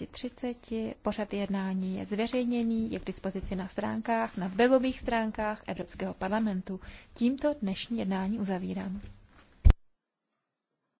11.30. Pořad jednání je zveřejněný, je k dispozici na stránkách, na webových stránkách Evropského parlamentu. Tímto dnešní jednání uzavírám.